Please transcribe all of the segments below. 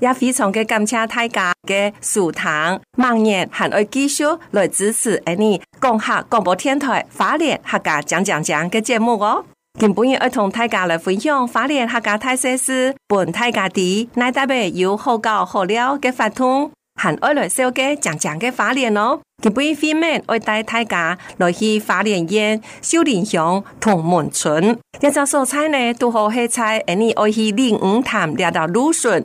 也非常嘅感謝大家嘅收聽，明年還會繼續來支持安啲講客廣播電台花蓮客家講講講嘅節目哦。今晡日同大家來分享花蓮客家特色事，本大家底，奶大白要好教好料嘅法通，勤愛來收嘅講講嘅花蓮哦。今晡日歡迎我帶大家來去花蓮嘅秀林鄉同門村，一紮素菜呢都好喜菜，安啲愛去拎五潭掠到蘆筍。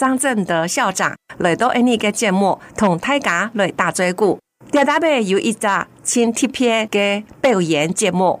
張正德校長來到呢個節目，同大家來打嘴鼓。今日呢，有一個新貼片的表演節目。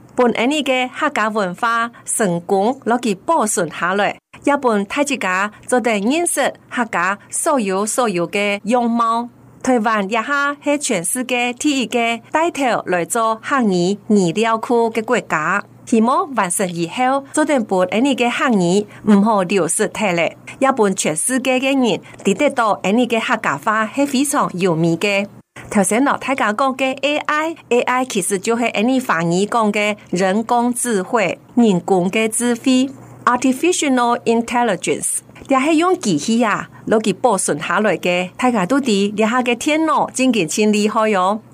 把呢嘅客家文化成功攞住保存下來，一半睇住架做定認識客家所有所有的樣貌，台灣一下喺全世界第一個帶頭來做客家語料庫的國家，希望完成以後做定半呢的客家唔好丟失體力，一半全世界的人睇得到呢的客家話是非常有名的。首先我睇下講嘅 AI，AI 其實就係 any 翻譯講嘅人工智慧，人工嘅智慧，artificial intelligence，又係用機器啊，攞去保存下來嘅，大家都知，睇下嘅天咯，真件真厲害喲。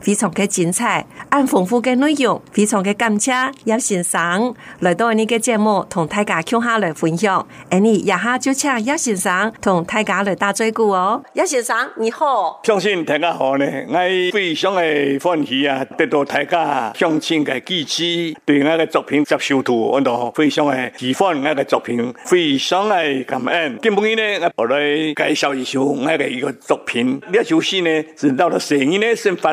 非常嘅精彩，咁豐富的內容，非常嘅親切，葉先生來到呢個節目同大家聽下來分享，而你一下就請葉先生同大家來打最句哦。葉先生你好，相信大家好呢，我非常嘅歡喜啊，得到大家向前嘅支持，對我嘅作品接受度我都非常嘅喜歡，我嘅作品非常嘅感恩。今天呢，我來介紹一首我的一個作品，呢首詩呢，是到了攝影嘅生活。